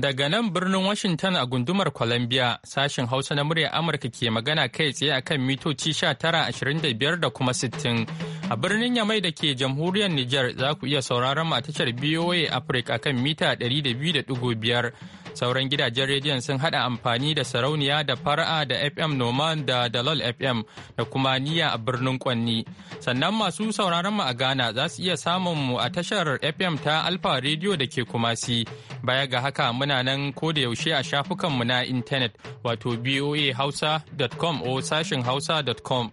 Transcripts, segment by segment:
Daga nan birnin Washington a gundumar Columbia, sashen Hausa na muryar Amurka ke magana kai tsaye akan mitoci sha tara ashirin da biyar da kuma sittin A birnin Yamai da ke jamhuriyar Nijar za ku iya sauraron matashar a tashar BOA Africa akan mita biyar. Sauran gidajen rediyon sun haɗa amfani da sarauniya da fara'a da FM Noman da Dalol FM da kuma niyya a birnin Kwanni. Sannan masu sauraron mu a Ghana za su iya samun mu a tashar FM ta Alfa Radio da ke Kumasi. Baya ga haka muna nan ko da yaushe a shafukanmu na intanet wato boahausa.com o sashin hausa.com.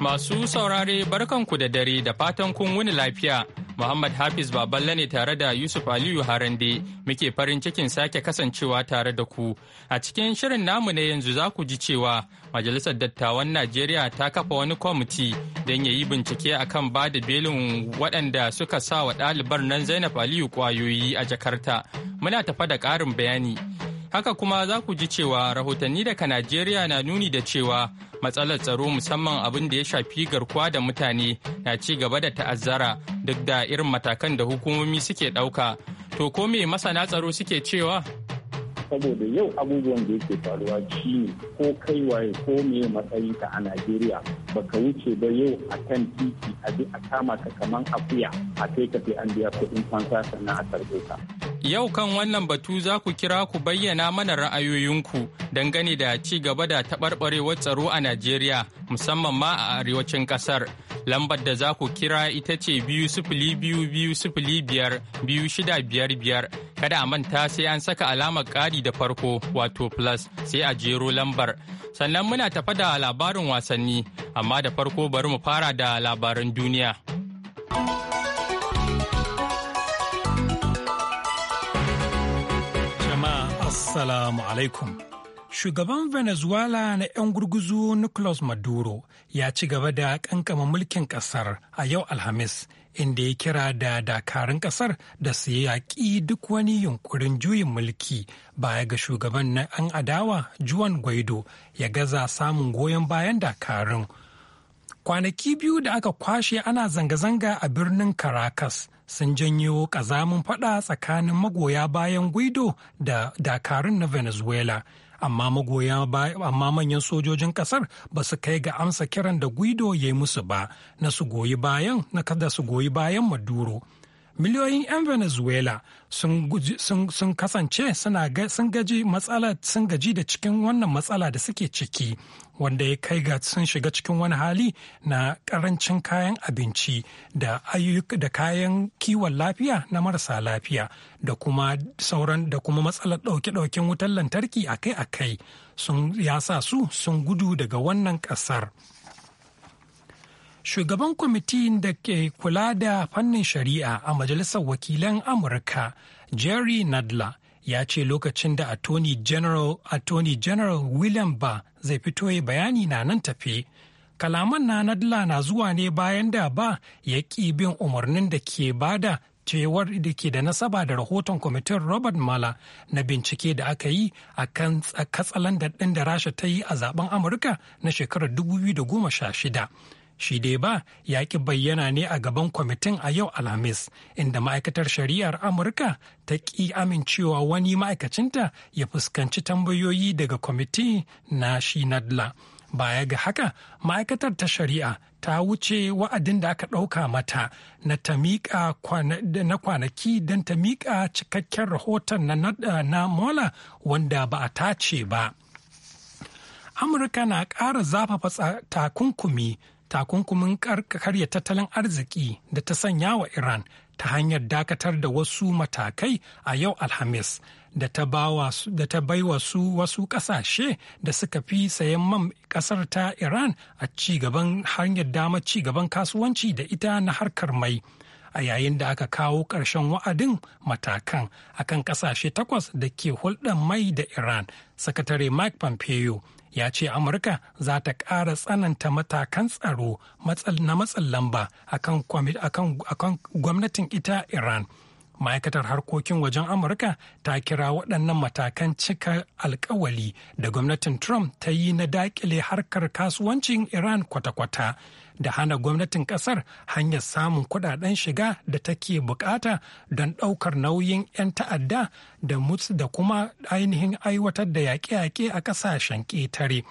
Masu saurare barkanku da dare da fatan kun wuni lafiya. Muhammad Hafiz Baballe ne tare da Yusuf Aliyu Harande muke farin cikin sake kasancewa tare da ku. A cikin shirin namu na yanzu za ku ji cewa Majalisar Dattawan Najeriya ta kafa wani kwamiti don ya yi bincike akan ba da belin waɗanda suka sa wa ɗalibar nan Zainab Aliyu kwayoyi a Jakarta. Muna tafa da ƙarin bayani. Haka kuma za ku ji cewa rahotanni daga Najeriya na nuni da cewa matsalar tsaro musamman abin da ya shafi garkuwa da mutane na ci gaba da ta'azzara duk da irin matakan da hukumomi suke ɗauka to ko me masana tsaro suke cewa saboda yau abubuwan da yake faruwa shi ko kai waye ko matsayi ta a najeriya baka wuce ba yau a kan titi a bi a kama ka kaman akuya a kai ka sai an biya kuɗin fansa sannan a karɓe ka yau kan wannan batu za ku kira ku bayyana mana ra'ayoyinku dangane da ci gaba da taɓarɓarewar tsaro a najeriya musamman ma a arewacin ƙasar Lambar da za ku kira ita ce biyu sifili biyu biyu sifili biyar biyu shida biyar biyar. Kada a manta sai an saka alamar ƙari da farko wato plus sai a jero lambar. Sannan muna tafa da labarin wasanni, amma da farko bari mu fara da labaran duniya. Jama'a Assalamu alaikum. Shugaban Venezuela na 'yan gurguzu Nicolas Maduro ya ci gaba da kankama mulkin kasar a yau Alhamis, inda ya kira da dakarun kasar da su yaƙi duk wani yunkurin juyin mulki baya ga shugaban na 'yan adawa Juan Guaido ya gaza samun goyon bayan dakarun. Kwanaki biyu da aka kwashe ana zanga-zanga a birnin Caracas. sun janyo ƙazamin faɗa tsakanin magoya bayan guido da dakarun na venezuela amma magoya amma manyan sojojin kasar ba su kai ga amsa kiran da guido ya yi musu ba na su goyi bayan na kada su goyi bayan maduro miliyoyin 'yan venezuela sun kasance sun gaji matsala da cikin wannan matsala da suke ciki wanda ya kai ga sun shiga cikin wani hali na karancin kayan abinci da kayan kiwon lafiya na marasa lafiya da kuma sauran da kuma matsalar ɗauke-ɗauken wutar lantarki akai-akai sun ya su sun gudu daga wannan ƙasar. shugaban kwamitin da ke kula da fannin shari'a a majalisar wakilan amurka jerry nadler ya ce lokacin da attorney general, attorney general william ba zai fito ya bayani na nan tafe kalaman na nadla na zuwa ne bayan da ba ya ƙi bin umarnin da ke bada cewar da ke da nasaba da rahoton kwamitin robert mala na bincike da aka yi a kan katsalan da rasha ta yi a zaben amurka na shekarar 2016 shi dai ba ya ki bayyana ne a gaban kwamitin a yau alhamis inda ma'aikatar shari'ar amurka ta ƙi amincewa wani ma'aikacinta ya fuskanci tambayoyi daga kwamiti na shi nadla baya ga haka ma'aikatar ta shari'a ta wuce wa'adin da aka ɗauka mata na ta na kwanaki don ta miƙa cikakken rahoton na mola wanda ba a tace ba amurka na ƙara zafafa takunkumi takunkumin karya tattalin arziki da ta sanya wa Iran ta hanyar dakatar da wasu matakai a yau Alhamis da ta bai wasu wasu kasashe da suka fi sayan man kasar ta Iran a cigaban hanyar dama cigaban kasuwanci da ita na harkar mai. a yayin da aka kawo ƙarshen wa'adin matakan akan ƙasashe takwas da ke hulɗar mai da Iran. Sakatare Mike Pompeo ya ce Amurka za ta ƙara tsananta matakan tsaro na matsin lamba akan gwamnatin ita Iran. ma'aikatar harkokin wajen amurka ta kira waɗannan matakan cika alkawali da gwamnatin trump ta yi na daƙile harkar kasuwancin iran kwata-kwata da hana gwamnatin kasar hanyar samun kudaden shiga da take bukata don daukar nauyin 'yan ta'adda da mutsu da kuma ainihin aiwatar da yaƙe-yaƙe a ƙasashen ƙetare.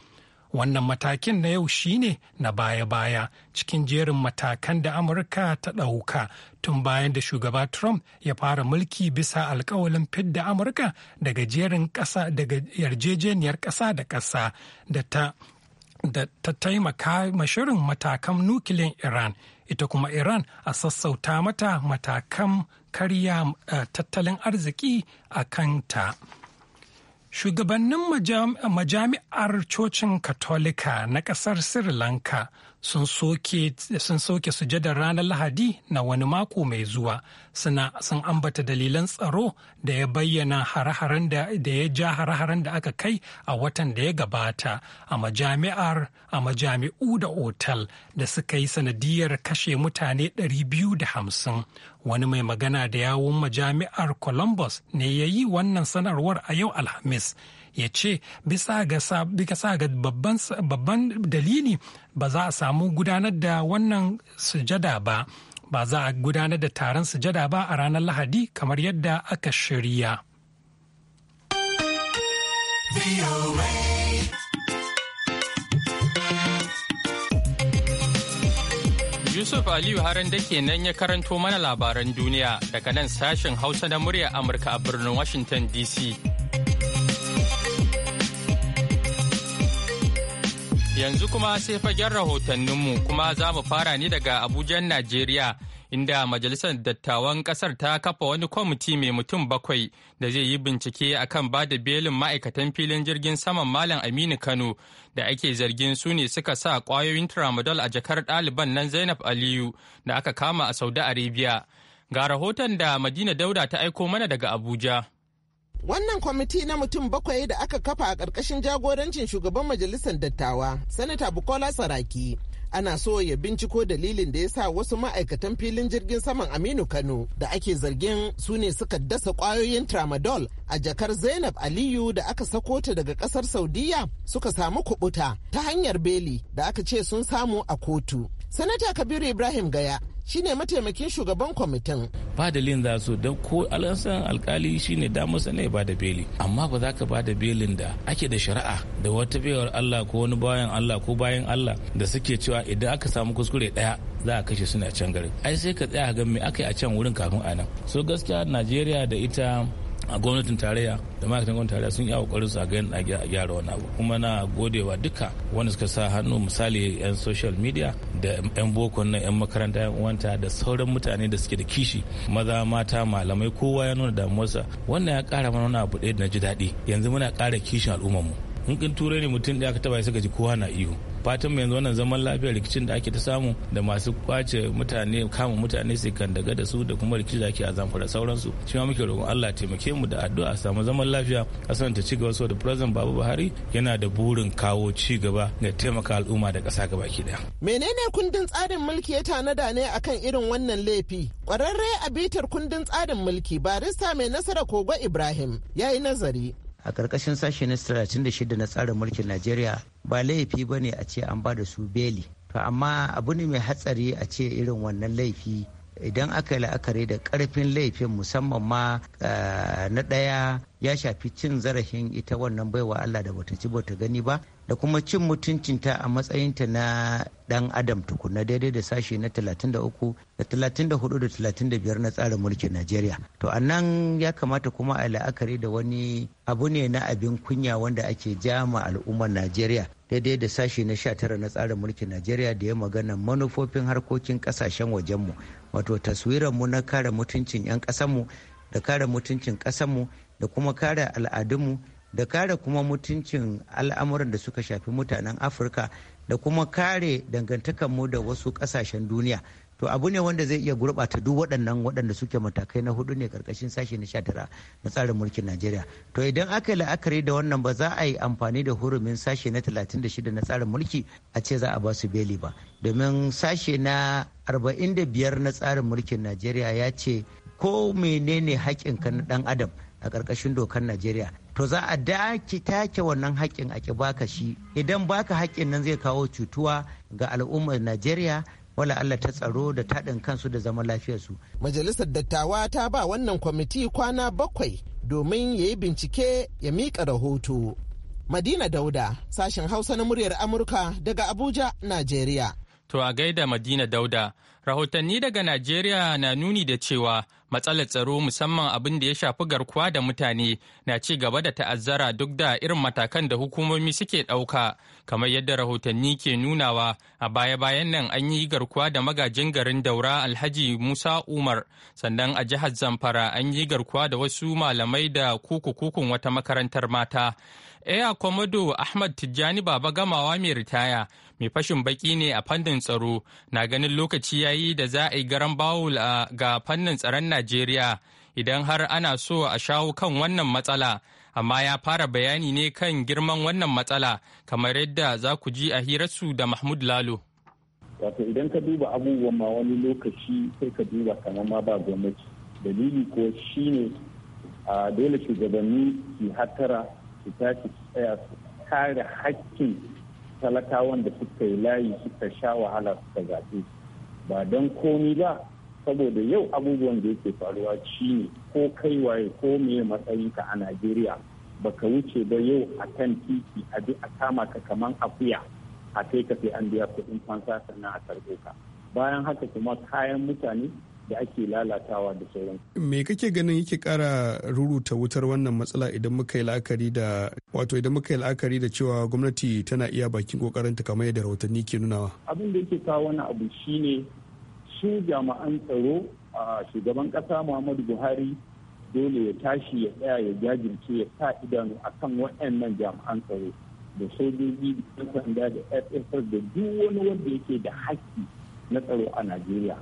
wannan matakin na yau shine na baya-baya cikin jerin matakan da amurka ta ɗauka tun bayan da shugaba trump ya fara mulki bisa alkawalin fidda amurka daga jerin ƙasa daga yarjejeniyar ƙasa da ƙasa da ta da ta taimaka mashirin matakan nukiliyan Iran, ita kuma Iran a sassauta mata matakan karya eh, tattalin arziki a kanta. Shugabannin majami'ar cocin Katolika na ƙasar Sri Lanka sun soke sujadar ranar lahadi na wani mako mai zuwa suna sun ambata dalilan tsaro da ya bayyana hare-haren da ya ja hare-haren da aka kai a watan da ya gabata a majami'ar a majami'u da otal da suka yi sanadiyar kashe mutane 250 wani mai magana da yawun majami'ar columbus ne ya yi wannan sanarwar a yau alhamis ya ce bisa ga babban dalili ba za a samu gudanar da wannan sujada ba ba za a gudanar da taron sujada ba a ranar lahadi kamar yadda aka shirya. Yusuf Aliyu Haran dake nan ya karanto mana labaran duniya daga nan sashen Hausa na murya Amurka a birnin Washington DC. Yanzu kuma sai fagen rahotanninmu kuma za mu fara ne daga Abuja, Najeriya, inda Majalisar Dattawan Ƙasar ta kafa wani kwamiti mai mutum bakwai da zai yi bincike akan ba da belin ma'aikatan filin jirgin saman Malam Aminu Kano da ake zargin su ne suka sa ƙwayoyin tramadol a jakar ɗaliban nan Zainab Aliyu da aka kama a Saudi Arabia. Ga rahoton da Madina Dauda ta aiko mana daga Abuja. Wannan kwamiti na mutum bakwai da aka kafa a ƙarƙashin jagorancin shugaban majalisar dattawa, Sanata Bukola Saraki, ana so ya binciko dalilin da ya sa wasu ma'aikatan filin jirgin saman Aminu Kano da ake zargin su ne suka dasa ƙwayoyin tramadol a jakar Zainab Aliyu da aka sako ta daga ƙasar Saudiya suka samu kubuta ta hanyar beli da aka ce sun samu a kotu. Sanata Kabiru Ibrahim Gaya shine mataimakin shugaban kwamitin. Ba dalilin za su don ko alansan alkali shine damarsa ne ba da beli amma ba za ka ba da belin da ake da shari'a da wata Allah ko wani bayan Allah ko bayan Allah da suke cewa idan aka samu kuskure ɗaya za a kashe suna can garin ai sai ka tsaya ga me aka yi a can wurin kafin a nan so gaskiya Najeriya da ita a gwamnatin tarayya da ma'aikatan gwamnatin tarayya sun yi kokarin su a ganin a gyara wani abu kuma na godewa duka wanda suka sa hannu misali yan social media da yan boko na yan makaranta yan uwanta da sauran mutane da suke da kishi maza mata malamai kowa ya nuna damuwarsa wannan ya kara mana wani abu ɗaya da na ji daɗi yanzu muna kara kishin mu. in kin turai ne mutum ɗaya ka taba saka ji kowa na iyo fatan mu yanzu wannan zaman lafiya rikicin da ake ta samu da masu kwace mutane kama mutane su kan daga da su da kuma rikici da ake a zamfara sauransu shi ma muke roƙon Allah taimake mu da addu'a samu zaman lafiya san ta cigaba gaba so da president Babu Buhari yana da burin kawo ci gaba da taimaka al'umma da ƙasa gaba daya menene kundin tsarin mulki ya tanada ne akan irin wannan laifi kwararre a bitar kundin tsarin mulki barista mai nasara kogo Ibrahim ya yi nazari a ƙarƙashin sashe na 36 na tsarin mulkin najeriya ba laifi ba ne a ce an ba da su beli to amma abu ne mai hatsari a ce irin wannan laifi idan aka yi la'akari da ƙarfin laifin musamman ma eh, na ɗaya ya shafi cin zarafin ita wannan baiwa allah da bata ci bata gani ba da kuma cin mutuncinta a matsayinta na dan adam tukuna daidai da sashe na 33 da 34 da 35 na tsarin mulkin najeriya to a nan ya kamata kuma a la'akari da wani abu ne na abin kunya wanda ake jama al'ummar najeriya daidai da sashe na 19 na tsarin mulkin najeriya da ya magana manufofin harkokin kasashen wajenmu wato taswiranmu na kare mutuncin 'yan kasanmu da kare mutuncin kasanmu da kuma kare al'adunmu da kare kuma mutuncin al'amuran da suka shafi mutanen afirka da kuma kare dangantakanmu da wasu kasashen duniya to abu ne wanda zai iya gurbata duk waɗannan waɗanda suke matakai na hudu ne karkashin sashe na sha tara na tsarin mulkin najeriya to idan aka yi la'akari da wannan ba za a yi amfani da hurumin sashe na talatin da shida na tsarin mulki a ce za a ba su beli ba domin sashe na arba'in da biyar na tsarin mulkin najeriya ya ce ko menene haƙƙinka na ɗan adam a ƙarƙashin dokar najeriya to za a daki take wannan haƙƙin a ki baka shi idan baka haƙƙin nan zai kawo cutuwa ga al'ummar najeriya wala Allah ta tsaro da taɗin kansu da zaman lafiyarsu. Majalisar dattawa ta ba wannan kwamiti kwana bakwai domin ya yi bincike ya miƙa rahoto. Madina Dauda, sashen Hausa na muryar Amurka daga Abuja, Najeriya. To a gaida Madina Dauda, rahotanni daga Najeriya na nuni da cewa matsalar tsaro musamman abin da ya shafi garkuwa da mutane na ci gaba da ta'azzara duk da irin matakan da hukumomi suke ɗauka. Kamar yadda rahotanni ke nunawa a baya-bayan nan an yi garkuwa da magajin garin Daura Alhaji Musa Umar, sannan a jihar Zamfara an yi garkuwa da wasu malamai da kuku-kukun wata makarantar mata. Eya Komodo Ahmad Tijjani Baba Gamawa mai ritaya mai fashin baki ne a fannin tsaro na ganin lokaci yayi da za a yi garan bawul ga fannin tsaron najeriya idan har ana so a shawo kan wannan matsala amma ya fara bayani ne kan girman wannan matsala kamar yadda za ku ji a hirarsu da mahmud lalo wato idan ka duba abubuwan ma wani lokaci sai ka duba kamar ma ba gwamnati dalili ko shine a dole shugabanni su hattara su tashi tsaya su kare hakkin talakawan da suka yi layi suka sha wahala suka zaɓe ba don komi ba saboda yau abubuwan da yake faruwa shi ne ko kai waye ko meye matsayinka a najeriya ka wuce ba yau a kan titi a bi a kama ka kaman akuya a kai ka sai an biya kuɗin fansa sannan a karɓo ka bayan haka kuma kayan mutane da ake lalatawa da sauran. Me kake ganin yake kara ruruta wutar wannan matsala idan muka yi la'akari da wato idan muka yi la'akari da cewa gwamnati tana iya bakin kokarin ta kamar yadda rahotanni ke nunawa. Abin da yake kawo wani abu shine su jami'an tsaro a shugaban kasa Muhammadu Buhari dole ya tashi ya tsaya ya jajirce ya sa idanu akan waɗannan jami'an tsaro da sojoji da sanda da ssr da duk wani wanda yake da haƙƙi na tsaro a Najeriya.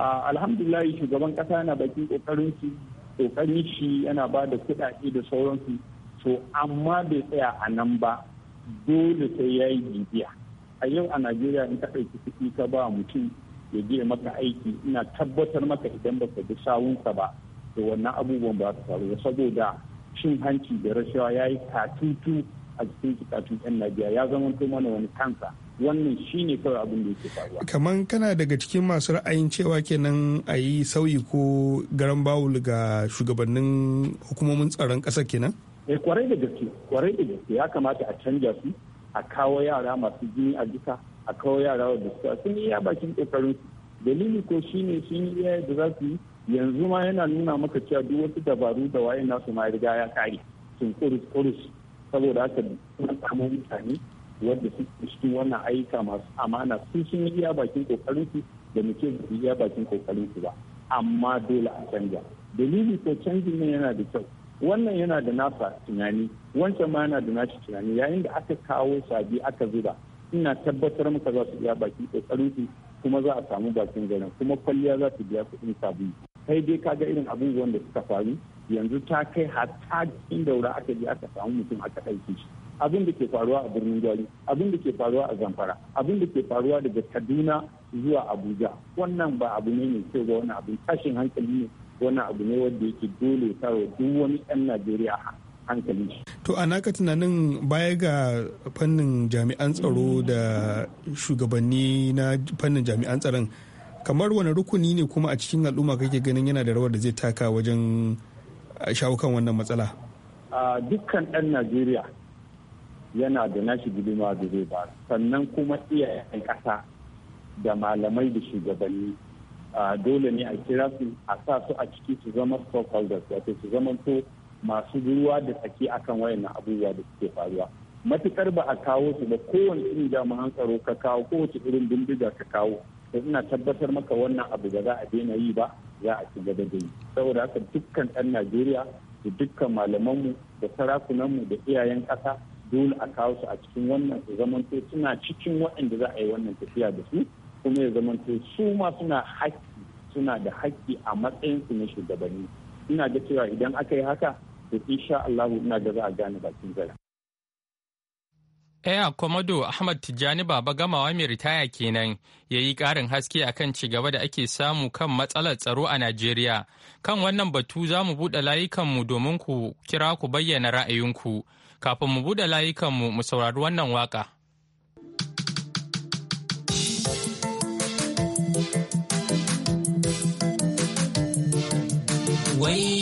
alhamdulillah shugaban kasa yana bakin kokarin su kokarin shi yana ba da kuɗaɗe da sauransu to amma bai tsaya a nan ba dole sai ya yi bibiya a yau a najeriya in ka ɗauki kuɗi ka ba mutum ya je maka aiki ina tabbatar maka idan ba baka bi sawunsa ba da wannan abubuwan ba su faru saboda cin hanci da rashawa ya yi katutu a cikin kitatun yan najeriya ya zama mana wani kansa wannan shi ne kawai abin da yake faruwa kaman kana daga cikin masu ra'ayin cewa kenan a yi sauyi ko garan bawul ga shugabannin hukumomin tsaron ƙasa kenan eh kwarai da gaske kwarai da gaske ya kamata a canja su a kawo yara masu jini a jika a kawo yara da su sun yi ya bakin kokarin dalili ko shine sun yi da za su yi yanzu ma yana nuna maka cewa duk wasu dabaru da wayan nasu ma riga ya kare sun kurus kurus saboda haka sun samu mutane wadda suke cikin wannan ayyuka masu amana su sun yi iya bakin kokarin su da muke iya bakin kokarin su ba amma dole a canja dalili ko canjin ne yana da kyau wannan yana da nasa tunani wancan ma yana da nashi tunani yayin da aka kawo sabi aka zuba ina tabbatar maka za su iya bakin kokarin su kuma za a samu bakin garin kuma kwalliya za su biya kuɗin sabulu kai dai ka ga irin abubuwan da suka faru yanzu ta kai hatta cikin daura aka je aka samu mutum aka ɗauke shi abin da ke faruwa a birnin jari abin da ke faruwa a zamfara abin da ke faruwa daga kaduna zuwa abuja wannan ba abu ne mai kyau ba wani abin tashin hankali ne wani abu ne wanda yake dole kawo duk wani yan najeriya hankali. To a naka tunanin baya ga fannin jami'an tsaro da shugabanni na fannin jami'an tsaron kamar wani rukuni ne kuma a cikin al'umma kake ganin yana da rawar da zai taka wajen shawo kan wannan matsala? Dukkan ɗan Najeriya yana da nashi gudunmawa da zai ba sannan kuma iyayen ƙasa da malamai da shugabanni dole ne a kira su a sa su a ciki su zama stockholders wato su zama to masu ruwa da tsaki akan wayannan abubuwa da suke faruwa matukar ba a kawo su ba kowane irin jami'an tsaro ka kawo kowace irin bindiga ka kawo da ina tabbatar maka wannan abu da za a daina yi ba za a ci gaba da yi saboda haka dukkan ɗan najeriya da dukkan malamanmu da sarakunanmu da iyayen ƙasa dole a kawo su a cikin wannan su zamanto suna cikin waɗanda za a yi wannan tafiya da su kuma ya zamanto su ma suna haƙƙi suna da haƙƙi a matsayin su na shugabanni ina ga cewa idan aka yi haka to insha Allah ina ga za a gane bakin zara Eya Komodo Ahmad Tijjani Baba Gamawa mai ritaya kenan ya yi ƙarin haske akan ci gaba da ake samu kan matsalar tsaro a Najeriya. Kan wannan batu za mu buɗe layukanmu domin ku kira ku bayyana ra'ayinku. kafin mu buɗe layukanmu mu saurari wannan waka. Wai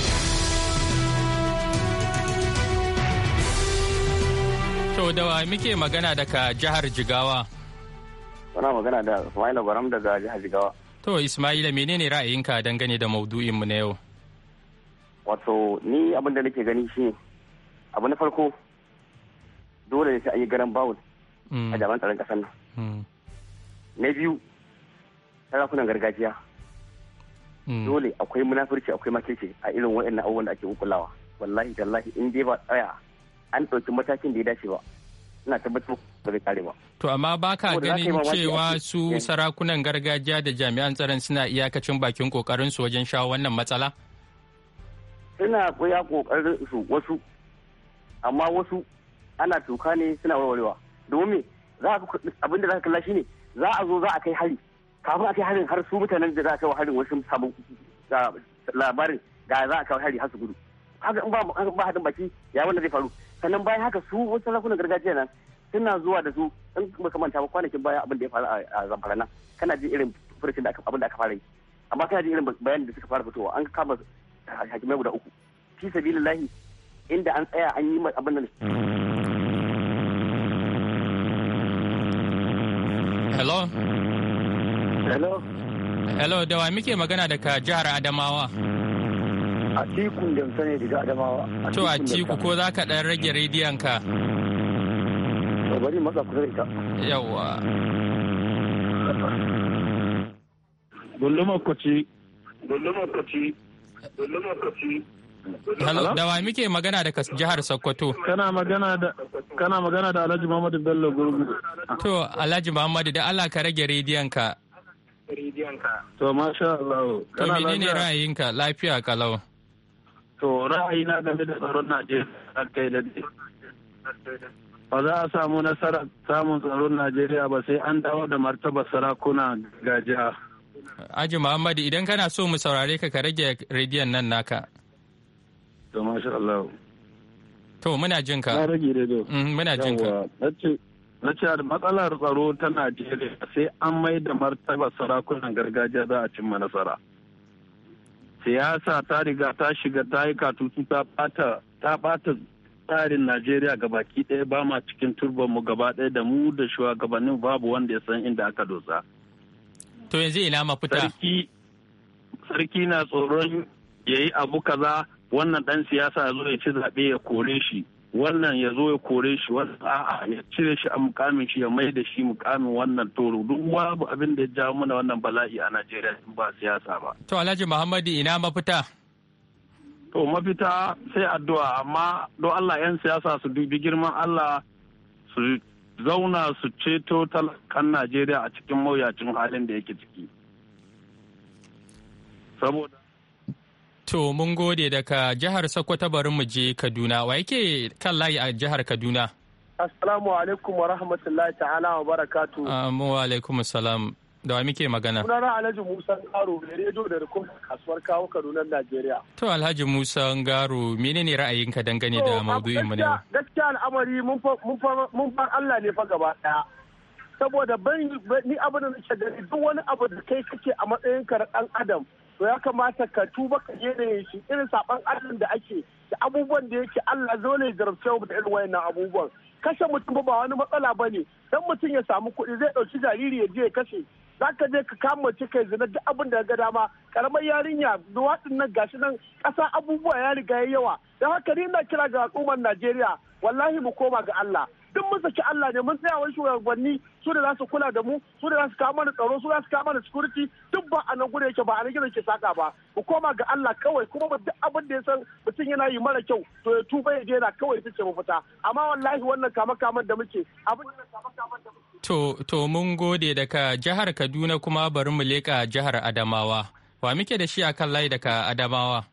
To da wa muke magana daga jihar Jigawa? Muna magana da Ismaila Baram daga jihar Jigawa. To Ismaila menene ra'ayinka dangane da maudu'in mu na yau? Wato ni abin da nake gani shi abu na farko dole ne sai an yi garan bawul mm. a jaman tsaron kasar nan. Mm. Na biyu sarakunan gargajiya. Mm. Dole akwai munafurci akwai makirci a irin waɗannan abubuwan da ake kukulawa. Wallahi tallahi in dai ba tsaya an ɗauki matakin da ya dace ba ina tabbatar ba zai kare ba. To amma ba ka ganin cewa su eh. sarakunan gargajiya da jami'an tsaron suna iyakacin bakin kokarin su wajen shawo wannan matsala? Suna koya kokarin su wasu amma wasu ana toka ne suna warwarewa domin za ka da za ka kalla shine za a zo za a kai hari kafin a kai harin har su mutanen da za a kai harin wasu samu labarin da za a kai hari har su gudu haka in ba haɗin baki ya wanda zai faru sannan bayan haka su wasu sarakunan gargajiya nan suna zuwa da su in ba manta ba kwanakin baya abin da ya faru a zamfara nan kana ji irin furcin da abin da aka fara yi amma kana ji irin bayanin da suka fara fitowa an kama hakimai guda uku fi sabilillahi inda an tsaya an yi abin da hello hello hello da wa muke magana daga jihar adamawa Mm. a cikin damsa ne daga adamawa mm. to a ciku ko za ka dan rage rediyon ka mm. bari matsa kusa ita yawa gundumar kwaci gulluma kwaci gulluma kwaci da wa muke magana daga jihar Sokoto? Kana magana da kana magana da Alhaji Muhammadu Bello Gurgu. To, Alhaji Muhammadu da Allah ka rage rediyon ka. Rediyon ka. To, masha Allah. To, menene ra'ayinka? Lafiya kalau. to ra'ayi na game da tsaron najeriya kai da ba za a samu nasara samun tsaron najeriya ba sai an dawo da martaba sarakuna gajiya aji muhammadu idan kana so mu saurare ka ka rage rediyon nan naka to masha Allah to muna jin ka na rage rediyo mm, muna jin ka na ce matsalar tsaro ta najeriya sai an mai da martaba sarakunan gargajiya za a cimma nasara siyasa ta riga ta shiga ta yi katutu ta bata tsarin najeriya ga baki ɗaya ba ma cikin turbanmu gaba ɗaya da mu da shugabannin babu wanda ya san inda aka dosa to yanzu ina mafita sarki na tsoron ya yi abu kaza wannan ɗan siyasa ya zo ya ci zaɓe ya kore shi wannan ya zo ya kore shi wannan a'a ya cire shi a mukamin shi ya mai da shi mukamin wannan toro duk babu abin da ya jawo mana wannan bala'i a Najeriya ba siyasa ba. To Alhaji Muhammadu ina mafita? To mafita sai addu'a amma don Allah 'yan siyasa su dubi girman Allah su zauna su ceto talakan Najeriya a cikin mawuyacin halin da yake ciki. Saboda To mun gode daga jihar Sokoto bari mu je Kaduna. Wa yake kan layi a jihar Kaduna? Assalamu alaikum wa rahmatullahi ta'ala wa barakatu. Amu wa alaikum salam. Da wa muke magana? Sunana Alhaji Musa Ngaro da rediyo da rikon kasuwar kawo Kaduna Najeriya. To Alhaji Musa Ngaro menene ra'ayinka dangane da maudu'in mu ne? Gaskiya al'amari mun fa Allah ne fa gaba daya. Saboda ban ni abin da nake gani duk wani abu da kai kake a matsayin ka dan Adam to ya kamata ka tuba ka yanayin shi irin saban allah da ake da abubuwan da yake allah zo ne jarabce da irin wayannan abubuwan kashe mutum ba wani matsala ba ne dan mutum ya samu kuɗi zai ɗauki jariri ya je ya kashe za ka je ka kama mace kai zina duk abin da ga dama karamar yarinya duwatsun nan gashi nan ƙasa abubuwa ya riga ya yawa don haka ni na kira ga al'ummar najeriya wallahi mu koma ga allah duk mun saki Allah ne mun tsaya wani shugabanni su da za su kula da mu su da za su kawo mana tsaro su za su kawo mana security duk ba a nan gudu yake ba a nan gidan yake saka ba ku koma ga Allah kawai kuma ba duk abin da ya san mutum yana yi mara kyau to ya tuba ya yana kawai ita ce mafita amma wallahi wannan kama kaman da muke abin da kama kaman da muke To, to mun gode daga jihar Kaduna kuma bari mu leƙa jihar Adamawa. Wa muke da shi a kan layi daga Adamawa?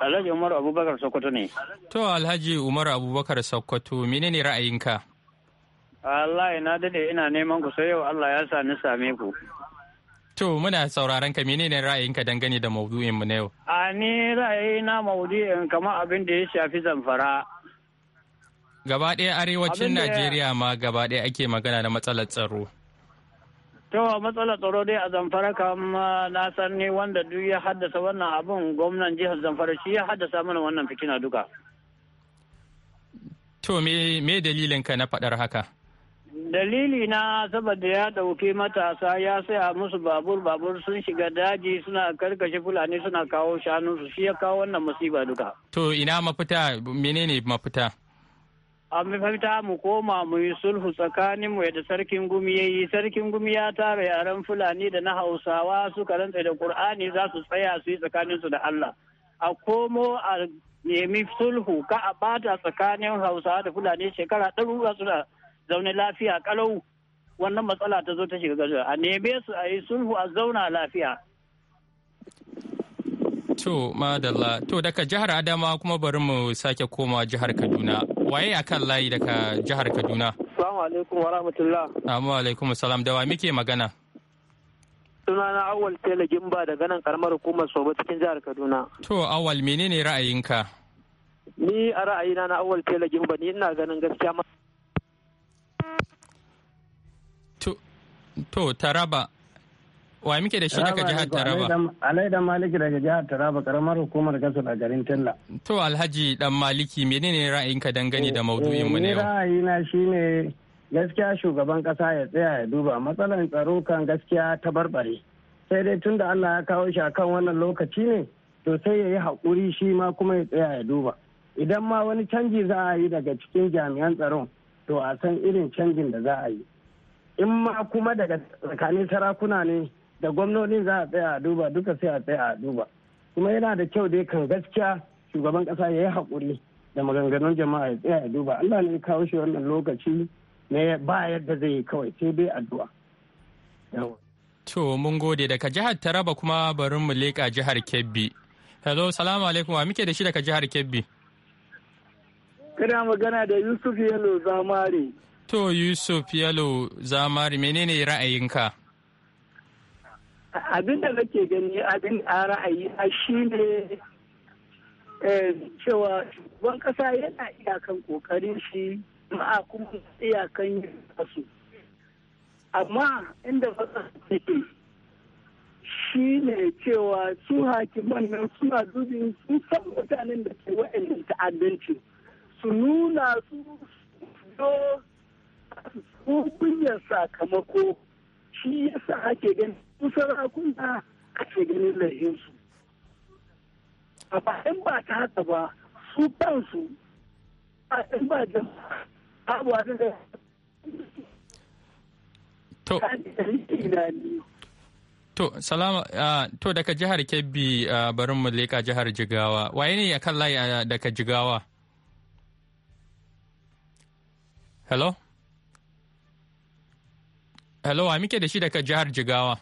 Alhaji Umar Abubakar Sokoto ne. To Alhaji Umar Abubakar Sokoto menene ra'ayinka? Allah na dade ina neman ku sai yau Allah ya sa same ku. To muna sauraron ka menene ra'ayinka dangane da maudu'in mu na yau? A ni ra'ayina maudu'in kamar abin da ya shafi zamfara. Gaba ɗaya arewacin Najeriya ma gaba ɗaya ake magana da matsalar tsaro. To matsalar tsaro dai a zamfara kama ah, na san ne wanda duk ya haddasa wannan abin gwamnan jihar zamfara shi ya haddasa mana wannan fitina duka. To me dalilin ka na faɗar haka? Dalili na saboda ya ɗauki matasa ya saya musu babur babur sun shiga daji suna karkashe fulani suna kawo shanunsu shi ya kawo wannan musiba duka. To ina mafita menene mafita? a mafita mu koma mu yi sulhu tsakanin mu da sarkin gumi ya yi sarkin gumi ya tara yaren fulani da na hausawa suka rantsa da kur'ani za su tsaya su yi tsakanin su da allah a komo a nemi sulhu ka a bata tsakanin hausawa da fulani shekara ɗaruruwa da zaune lafiya kalau wannan matsala ta zo ta shiga gaza a neme su a yi sulhu a zauna lafiya To, madalla. To, daga jihar Adama kuma bari mu sake koma jihar Kaduna. Waye a kan layi daga jihar Kaduna? Salamu alaikum wa rahmatullah. Salamu alaikum salam. Da wa muke magana? Sunana Awal Tela Gimba daga nan karamar hukumar Sobo cikin jihar Kaduna. To, Awal menene ra'ayinka? Ni a ra'ayina na Awal Tela Gimba ni ina ganin gaskiya ma. To, Taraba. Wa muke da shi daga jihar Taraba? Alai dan Maliki daga jihar Taraba karamar hukumar gasar a garin Tella. To Alhaji dan Maliki menene ra'ayinka dangane eh, da maudu'in mu ne? Eh, shi shine gaskiya shugaban kasa ya tsaya ya duba matsalar tsaro kan gaskiya ta barbare. Sai dai tunda Allah ya kawo shi akan wannan lokaci ne to sai ya yi haƙuri shi ma kuma ya tsaya ya duba. Idan ma wani canji za a yi daga cikin jami'an tsaron to a san irin canjin da za a yi. In ma kuma daga tsakanin sarakuna ne da gwamnoni za a tsaya a duba duka sai a tsaya a duba kuma yana da kyau dai kan gaskiya shugaban kasa ya yi haƙuri da maganganun jama'a ya tsaya a duba allah ne kawo shi wannan lokaci ne ba yadda zai yi kawai sai dai addu'a to mun gode daga jihar taraba kuma bari mu leƙa jihar kebbi hello salamu alaikum wa muke da shi daga jihar kebbi kana magana da yusuf yalo zamari to yusuf yalo zamari menene ra'ayinka abin da nake gani abin a ra'ayi a shi ne eh, cewa shugaban kasa yana iyakan kokarin shi ma'a kuma iyakan su amma inda fasa suke shi ne cewa su hakiman nan suna dubin sun san mutanen da ke wa'annan ta'addanci su nuna su do su kunyar sakamako shi yasa ake gani su sarakuna ake ganin laihinsu a bayan ba ta haka ba su kansu a ɗan ba da abuwa da to to salama uh, to daga jihar kebbi uh, barin mu jihar jigawa waye ne ya layi daga jigawa hello Hello, wa muke da shi daga jihar Jigawa?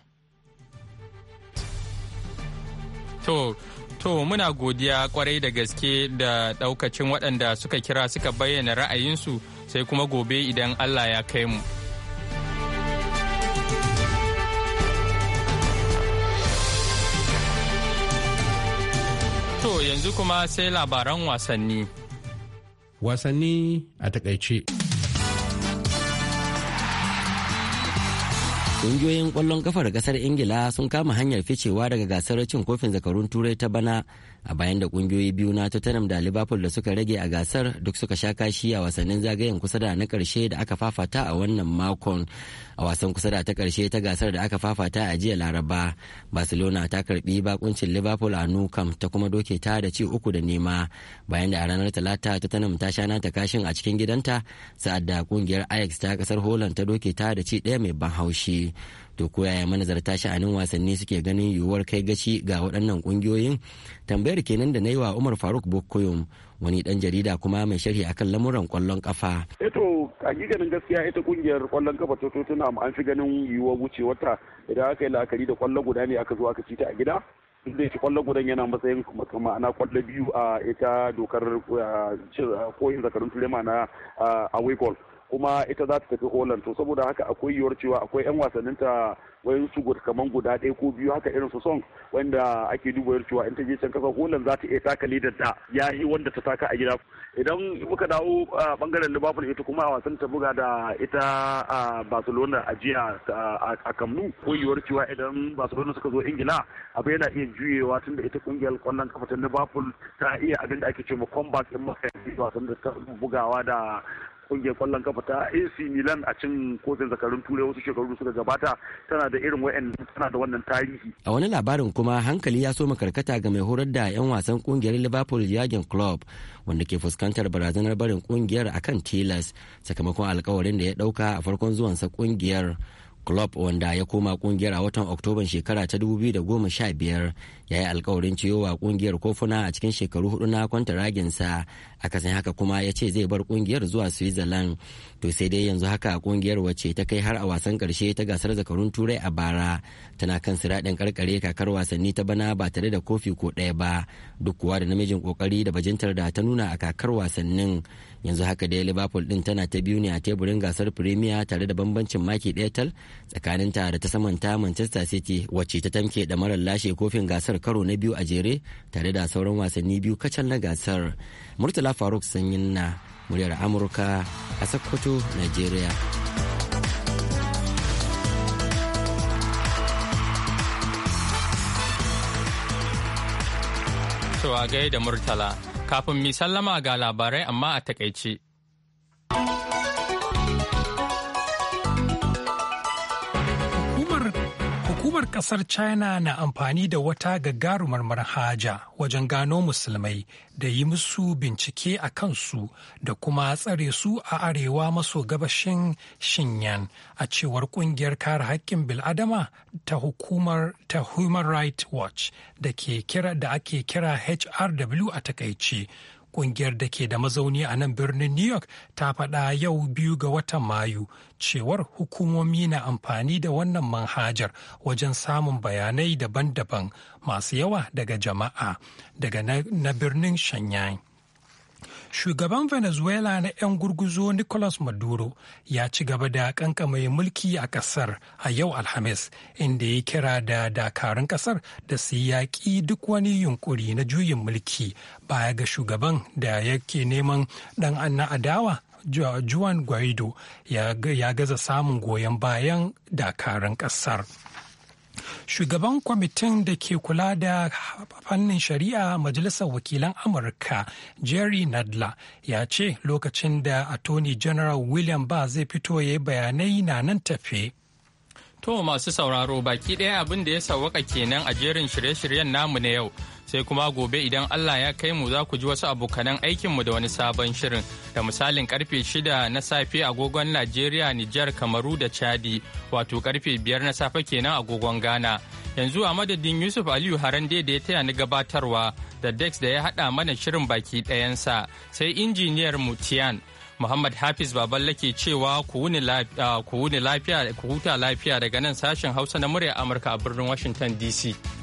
To, to muna godiya kwarai da gaske da daukacin waɗanda suka kira suka bayyana ra'ayinsu sai kuma gobe idan Allah ya kai mu. To yanzu kuma sai labaran wasanni. Wasanni a takaice. Ƙungiyoyin kwallon kafar gasar Ingila sun kama hanyar ficewa daga gasar cin kofin zakarun turai ta bana a bayan da ƙungiyoyi biyu na Tottenham da Liverpool da suka rage a gasar duk suka sha kashi a wasannin zagayen kusa da na karshe da aka fafata a wannan makon. A wasan kusa da ta karshe ta gasar da aka fafata a jiya Laraba, Barcelona ta karbi bakuncin Liverpool a Nou Camp ta kuma doke ta da ci uku da nema bayan da a ranar Talata Tottenham ta sha nata kashin a cikin gidanta sa'ad da ƙungiyar Ajax ta kasar Holland ta doke ta da ci ɗaya mai ban haushi. to ko yaya manazarta sha'anin wasanni suke ganin yiwuwar kai gashi ga waɗannan ƙungiyoyin tambayar kenan da na yi wa umar faruk bokoyom wani ɗan jarida kuma mai sharhi akan lamuran ƙwallon ƙafa. eto eh hakikanin gaskiya ita ƙungiyar ƙwallon ƙafa ta tottenham an fi ganin yiwuwar wucewarta idan aka yi la'akari da ƙwallon guda ne aka zo aka ci ta a gida zai ci kwallon gudan yana matsayin ma'ana kwallo biyu a ita dokar eh, koyin zakarun tulema na eh, away kuma ita za ta tafi Holland to saboda haka akwai yiwuwar cewa akwai 'yan ta wayan su kaman guda ɗaya ko biyu haka irin su song wanda ake duba cewa in ta je can kasa Holland za ta iya taka lidar da ya yi wanda ta taka a gida idan muka dawo bangaren Liverpool ita kuma a wasan ta buga da ita a Barcelona a jiya a Kamnu ko yiwuwar cewa idan Barcelona suka zo Ingila abu yana iya juyewa tunda ita kungiyar kwallon kafa ta Liverpool ta iya abin da ake cewa comeback in maka wasan da ta bugawa da kungiyar kwallon kafa ta AC Milan a cin kofin zakarun turai wasu shekaru suka gabata tana da irin wa'annan tana da wannan tarihi a wani labarin kuma hankali ya soma karkata ga mai horar da yan wasan kungiyar Liverpool Jurgen Klopp wanda ke fuskantar barazanar barin kungiyar kan tilas sakamakon alkawarin da ya dauka a farkon sa kungiyar Klopp wanda ya koma kungiyar a watan Oktoban shekara ta 2015 ya yi alkawarin ciyowa kungiyar kofuna a cikin shekaru hudu na kwantaraginsa kasan haka kuma ya ce zai bar kungiyar zuwa switzerland to sai dai yanzu haka kungiyar wacce ta kai har a wasan karshe ta gasar zakarun turai a bara tana kan siraɗin karkare kakar wasanni ta bana ba tare da kofi ko ɗaya ba duk kuwa da namijin kokari da bajintar da ta nuna a kakar wasannin yanzu haka dai liverpool din tana ta biyu ne a teburin gasar premier tare da bambancin maki ɗaya tal tsakaninta da ta samanta manchester city wacce ta tamke da marar lashe kofin gasar Afirka karo na biyu a jere tare da sauran wasanni biyu kacal na gasar. Murtala Faruk Sanyin na muryar Amurka a Sokoto, Najeriya. Cewa da Murtala, kafin mi sallama ga labarai amma a takaice. Hukumar kasar China na amfani da wata gagarumar manhaja wajen gano musulmai da yi musu bincike a kansu da kuma tsare su a arewa maso gabashin Shinyan a cewar kungiyar kare haƙƙin bil'adama ta hukumar ta Human Rights Watch da ake kira HRW a takaice Kungiyar da ke da mazauni a nan birnin New York ta faɗa yau biyu ga watan Mayu cewar hukumomi na amfani da wannan manhajar wajen samun bayanai daban-daban masu yawa daga jama'a daga na birnin Shenyang. Shugaban Venezuela na 'yan gurguzo Nicolas Maduro ya ci gaba da kankamai mulki a kasar a yau Alhamis, inda ya kira da dakarun ƙasar da su yaƙi duk wani yunkuri na juyin mulki baya ga shugaban da yake neman dan anna adawa Juan Guaido ya gaza samun goyon bayan dakarun ƙasar. shugaban kwamitin da ke kula da fannin shari'a majalisar wakilan amurka jerry nadler ya ce lokacin da attorney general william ba zai fito ya yi bayanai na nan tafe To masu sauraro baki ɗaya abin da ya sauwaka kenan a jerin shirye-shiryen namu na yau. Sai kuma gobe idan Allah ya kai mu za ku ji wasu abokanan aikinmu da wani sabon shirin. Da misalin karfe shida na safe agogon Najeriya, Nijar, Kamaru da Chadi, wato karfe biyar na safe kenan agogon Ghana. Yanzu a madadin Yusuf Aliyu Harande da ya taya ni gabatarwa da Dex da ya haɗa mana shirin baki ɗayansa sai injiniyar Mutiyan. Muhammad Hafiz Baballe ke cewa ah, ku wuni lafiya ku huta lafiya daga nan sashen Hausa na murya Amurka a birnin Washington DC.